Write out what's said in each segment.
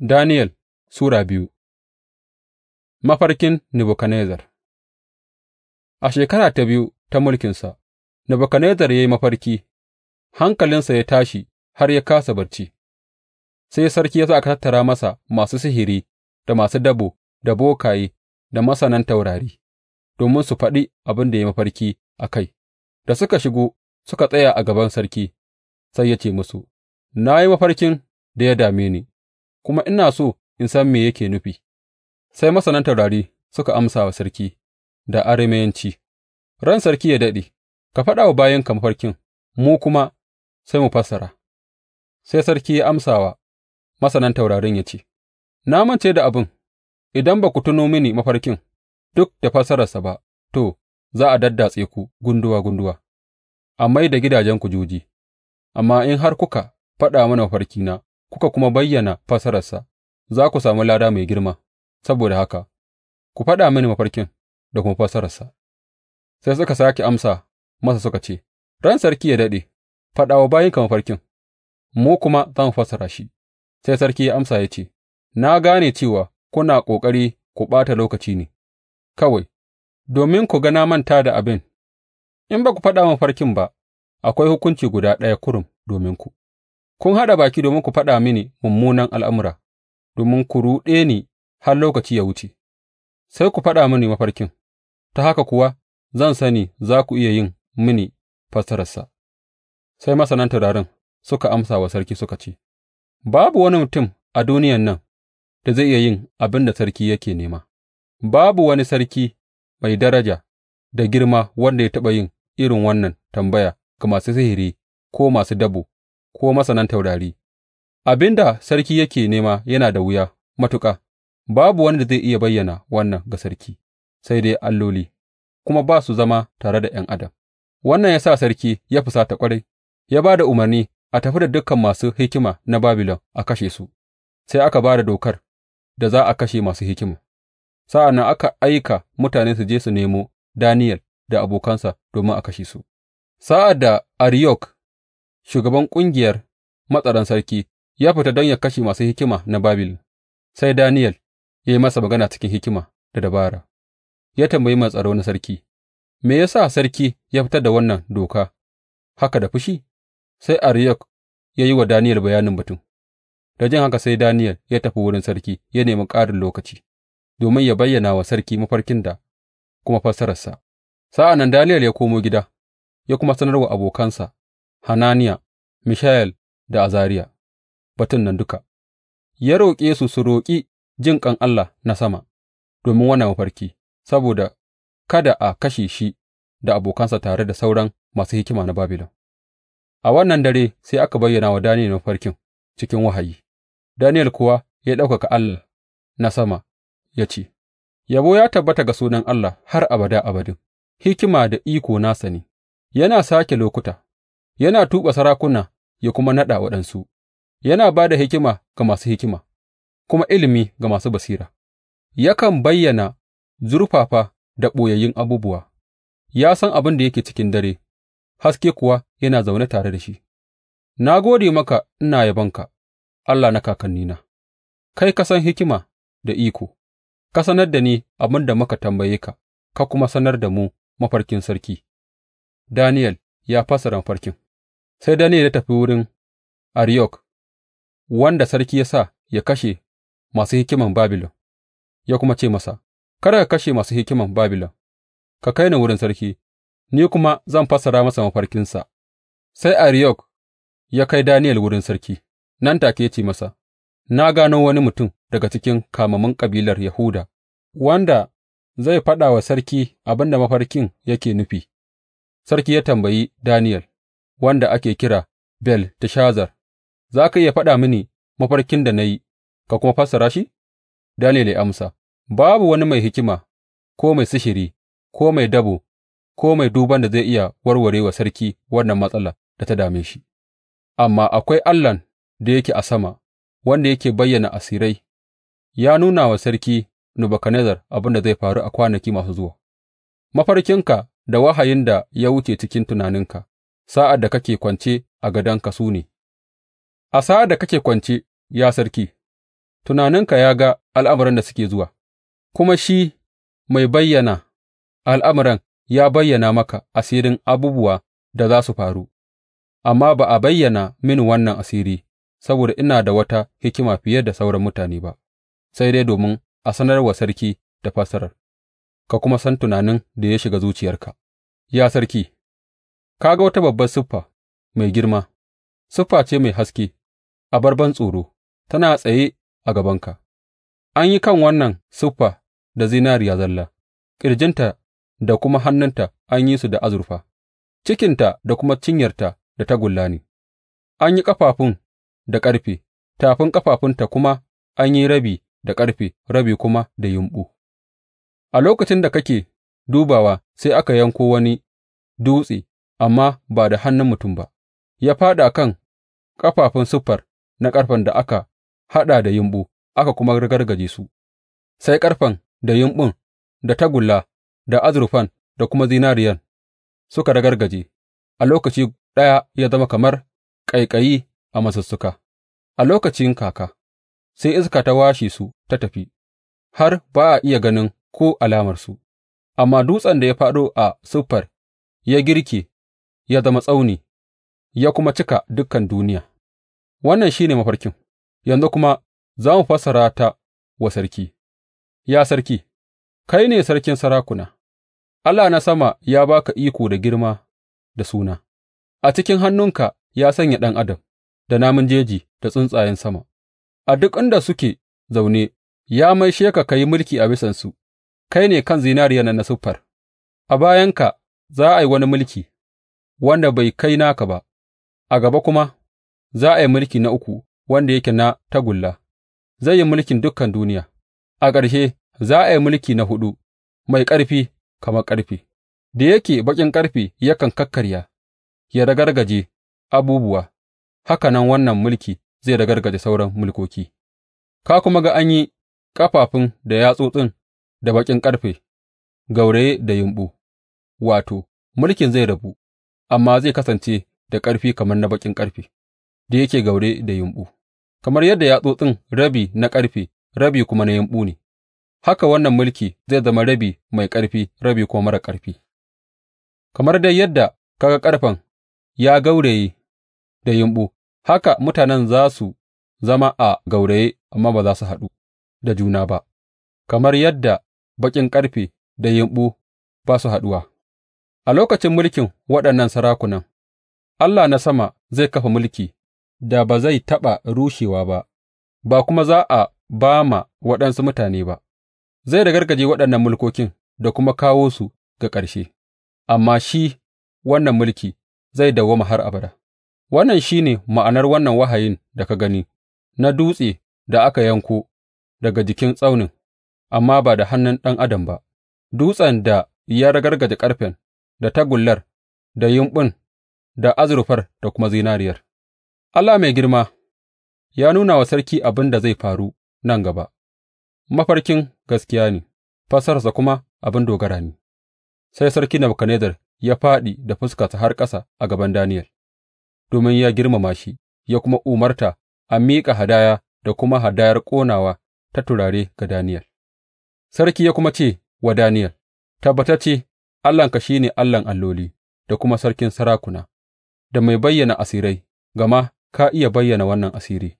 Daniyel Sura biyu Mafarkin Nebukadnezzar A shekara ta biyu ta mulkinsa, Nebukadnezzar ya yi mafarki, hankalinsa ya tashi har ya kasa barci, sai sarki ya sa aka tattara masa masu sihiri da masu dabo da bokaye da masanan taurari domin su faɗi abin da ya yi mafarki a kai, da suka shigo suka tsaya a gaban sarki, sai ya ce musu, Na yi mafarkin da ya dame ni. kuma ina so in san me yake nufi. Sai masanan taurari suka amsa wa sarki da Arameyanci, Ran sarki ya daɗe, ka faɗa wa bayinka mafarkin, mu kuma sai mu fassara. Sai sarki ya amsa wa masanan taurarin ya ce, Na mance da abin, idan ba ku tuno mini mafarkin duk da fassararsa ba, to, za a daddatse ku gunduwa gunduwa, a mai da gidajenku juji, amma in har kuka faɗa mana mafarkina kuka kuma bayyana fassararsa, za ku sami lada mai girma; saboda haka ku faɗa mini mafarkin da kuma fassararsa. Sai suka sake amsa masa suka ce, Ran sarki ya daɗe, faɗa wa bayinka mafarkin, mu kuma za mu fassara shi. Sai sarki ya amsa ya ce, Na gane cewa kuna ƙoƙari ku ɓata lokaci ne kawai, domin ku gana manta da abin, in ba ku faɗa mafarkin ba, akwai hukunci guda ɗaya kurum dominku. Kun haɗa baki domin ku faɗa mini mummunan al'amura, domin ku ruɗe ni har lokaci ya wuce, sai ku faɗa mini mafarkin, ta haka kuwa zan sani za ku iya yin mini fassararsa. Sai masanan turarin suka amsa wa sarki suka ce, Babu wani mutum a duniyan nan da zai iya yin abin da sarki yake nema, babu wani sarki mai daraja da girma wanda ya taɓa yin irin wannan tambaya ga masu sihiri ko masu dabo ko masanan taurari, abin da sarki yake nema yana da wuya matuƙa, babu wani da zai iya bayyana wannan ga sarki, sai dai alloli, kuma ba su zama tare da ’yan adam. Wannan ya sa sarki ya fusata ƙwarai, ya ba da umarni a tafi da dukan masu hikima na Babilon a kashe su, sai aka ba da dokar da za a kashe masu hikima. Sa'an nan aka aika mutane su je su nemo Daniyel da abokansa domin a kashe su. Sa'ad da Ariok. shugaban ƙungiyar matsaran sarki, ya fita don ya kashe masu hikima na Babilon, sai Daniyel ya yi masa magana cikin hikima da dabara, ya tambayi mai tsaro na sarki, Me ya sa sarki ya fitar da wannan doka haka da fushi? Sai Ariyok ya yi wa Daniyel bayanin batun, da jin haka sai Daniyel ya tafi wurin sarki ya nemi ƙarin lokaci, domin ya bayyana wa sarki mafarkin da kuma fassararsa. Sa'an nan Daniyel ya komo gida, ya kuma sanar wa abokansa Hananiya, Mishayel da Azariya, batun nan duka, ya roƙe su su roƙi jinƙan Allah na sama domin wannan mafarki, saboda kada a kashe shi da abokansa tare da sauran masu hikima na Babilon. A wannan dare sai aka bayyana wa Daniyel mafarkin cikin wahayi, Daniyel kuwa ya ɗaukaka Allah na sama ya ce, Yabo ya tabbata ga sunan Allah har abada abadin, hikima da iko nasa ne, yana sake lokuta. yana tuɓe sarakuna ya kuma naɗa waɗansu, yana ba da hikima ga masu hikima kuma ilimi ga masu basira; yakan bayyana zurfafa da ɓoyayyun abubuwa, ya san abin da yake cikin dare, haske kuwa yana zaune tare da shi. Na gode maka ina yabonka, Allah na kakannina, kai ka san hikima da iko, ka sanar da ni abin da muka tambaye ka, ka kuma sanar da mu mafarkin sarki. Daniyel ya fassara mafarkin. sai Daniyel ya tafi wurin Ariok, wanda sarki ya sa ya kashe masu hikiman Babilon, ya kuma ce masa, Kada ka kashe masu hikiman Babilon, ka kai ni wurin sarki, ni kuma zan fassara masa mafarkinsa. Sai Ariok ya kai Daniyel wurin sarki, nan take ya ce masa, Na gano wani mutum daga cikin kamamin kabilar Yahuda, wanda zai faɗa wa sarki abin da mafarkin yake nufi. Sarki ya tambayi daniel wanda ake kira Belteshazar, za ka iya faɗa mini mafarkin da na yi ka kuma fassara shi? Daniyel ya amsa, Babu wani mai hikima, ko mai sihiri, ko mai dabo, ko mai duban da zai iya warware wa sarki wannan matsala da ta dame shi, amma akwai Allahn da yake a sama, wanda yake bayyana asirai, ya nuna wa sarki Nubakanezar abin da zai faru a kwanaki masu zuwa, mafarkinka da wahayin da ya wuce cikin tunaninka sa'ad da kake kwance a gadonka su ne, a sa'ad da kake kwance, ya sarki, tunaninka ya ga al'amuran da suke zuwa, kuma shi mai bayyana al'amuran ya bayyana maka asirin abubuwa da za su faru, amma ba a bayyana mini wannan asiri saboda ina da wata hikima fiye da sauran mutane ba, sai dai domin a sanar wa sarki da fassarar, ka kuma san tunanin da ya shiga zuciyarka, ya sarki. Ka ga wata babbar siffa mai girma, siffa ce mai haske, a barban tsoro, tana tsaye a gabanka, an yi kan wannan siffa da zinariya zalla, ƙirjinta da kuma hannunta an yi su da azurfa, cikinta da kuma cinyarta da tagulla ne, an yi ƙafafun da ƙarfe, tafin ƙafafunta kuma an yi rabi da ƙarfe rabi kuma da yumɓu. A lokacin da kake dubawa sai aka yanko wani dutse amma ba da hannun mutum ba, ya fāɗi a kan ƙafafun siffar na ƙarfen da aka haɗa da yumɓu aka kuma ragargaje su, sai ƙarfen da yumɓun da tagulla da azurfan da kuma zinariyan suka ragargaje, a lokaci ɗaya ya zama kamar ƙaiƙayi a masussuka, a lokacin kaka, sai iska ta washe su ta tafi, har ba a iya ganin ko alamarsu, amma dutsen da ya faɗo a siffar ya girke ya zama tsauni ya kuma cika dukan duniya, wannan shi ne mafarkin, yanzu kuma za mu fassara ta wa sarki, Ya sarki, kai ne sarkin sarakuna, Allah na sama ya ba ka iko da girma da suna, a cikin hannunka ya sanya ɗan adam da namun jeji da tsuntsayen sama, a duk inda suke zaune ya maishe ka ka yi mulki a bisansu, kai ne kan zinariya na siffar, a bayanka za a yi wani mulki wanda bai kai naka ba, a gaba kuma za a yi mulki na uku wanda yake na tagulla, zai yi mulkin dukan duniya, a ƙarshe za a yi mulki na huɗu mai ƙarfi kamar ƙarfe, da yake baƙin ƙarfe yakan kakkarya, ya ragargaje abubuwa, haka nan wannan mulki zai ragargaje sauran mulkoki. Ka kuma ga an yi ƙafafun da yatsotsin da baƙin ƙarfe gauraye da yumɓu, wato, mulkin zai rabu amma zai kasance da ƙarfi kamar na baƙin ƙarfe da yake gaure da yumɓu, kamar yadda yatsotsin rabi na ƙarfe rabi kuma na yumɓu ne, haka wannan mulki zai zama rabi mai ƙarfi rabi kuma marar ƙarfi, kamar dai yadda kaga ƙarfen ya gauraye da yumɓu, haka mutanen za su zama a gauraye amma ba za su haɗu da juna ba, kamar yadda baƙin ƙarfe da yumɓu ba su haɗuwa. A lokacin mulkin waɗannan sarakunan, Allah na sama zai kafa mulki da ba zai taɓa rushewa ba, ba kuma za a ba ma waɗansu mutane ba, zai da gargaje waɗannan mulkokin da kuma kawo su ga ƙarshe, amma shi wannan mulki zai dawwama har abada. Wannan shi ne ma'anar wannan wahayin da ka gani na dutse da aka yanko daga jikin tsaunin, amma ba da hannun ɗan adam ba, dutsen da ya ragargaje ƙarfen da tagullar, da yumɓun, da azurfar da kuma zinariyar, Allah mai girma ya nuna wa sarki abin da zai faru nan gaba, mafarkin gaskiya ne, fasararsa kuma abin dogara ne. Sai sarki Nebukadnezzar ya fāɗi da fuskarsa har ƙasa a gaban Daniyel, domin ya girmama shi, ya kuma umarta a miƙa hadaya da kuma hadayar ƙonawa ta turare ga Daniyel. Sarki ya kuma ce wa Daniyel, Tabbatacce Allahnka shi ne Allahn alloli da kuma Sarkin sarakuna da mai bayyana asirai, gama ka iya bayyana wannan asiri,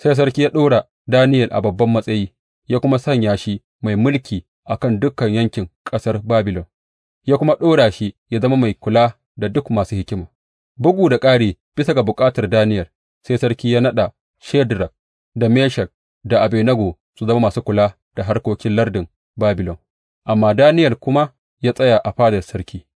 sai sarki ya ɗora Daniyel a babban matsayi ya kuma sanya shi mai mulki a kan dukan yankin ƙasar Babilon, ya kuma ɗora shi ya zama mai kula da duk masu hikima. Bugu da ƙari bisa ga bukatar Daniyel, sai sarki ya naɗa Shadrak da Meshak da Abenago su zama masu kula da harkokin lardin Babilon, amma Daniyel kuma ya tsaya a fadar sarki.